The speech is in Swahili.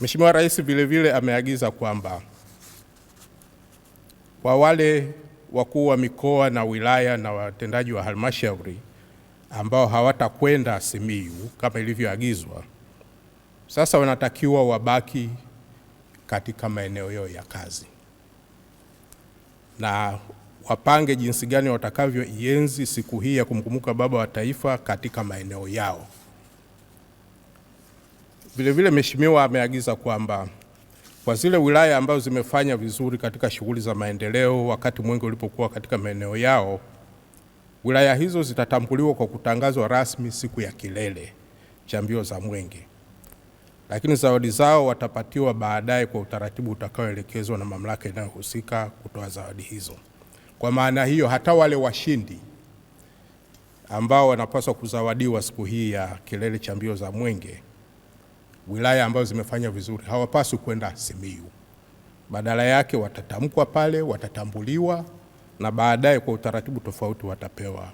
Mheshimiwa Rais vilevile ameagiza kwamba kwa wale wakuu wa mikoa na wilaya na watendaji wa halmashauri ambao hawatakwenda Simiyu kama ilivyoagizwa, sasa wanatakiwa wabaki katika maeneo yao ya kazi na wapange jinsi gani watakavyoienzi siku hii ya kumkumbuka Baba wa Taifa katika maeneo yao. Vilevile mheshimiwa ameagiza kwamba kwa zile wilaya ambazo zimefanya vizuri katika shughuli za maendeleo wakati mwenge ulipokuwa katika maeneo yao, wilaya hizo zitatambuliwa kwa kutangazwa rasmi siku ya kilele cha mbio za Mwenge, lakini zawadi zao watapatiwa baadaye kwa utaratibu utakaoelekezwa na mamlaka inayohusika kutoa zawadi hizo. Kwa maana hiyo, hata wale washindi ambao wanapaswa kuzawadiwa siku hii ya kilele cha mbio za Mwenge wilaya ambazo zimefanya vizuri hawapaswi kwenda Simiyu, badala yake watatamkwa pale, watatambuliwa na baadaye kwa utaratibu tofauti watapewa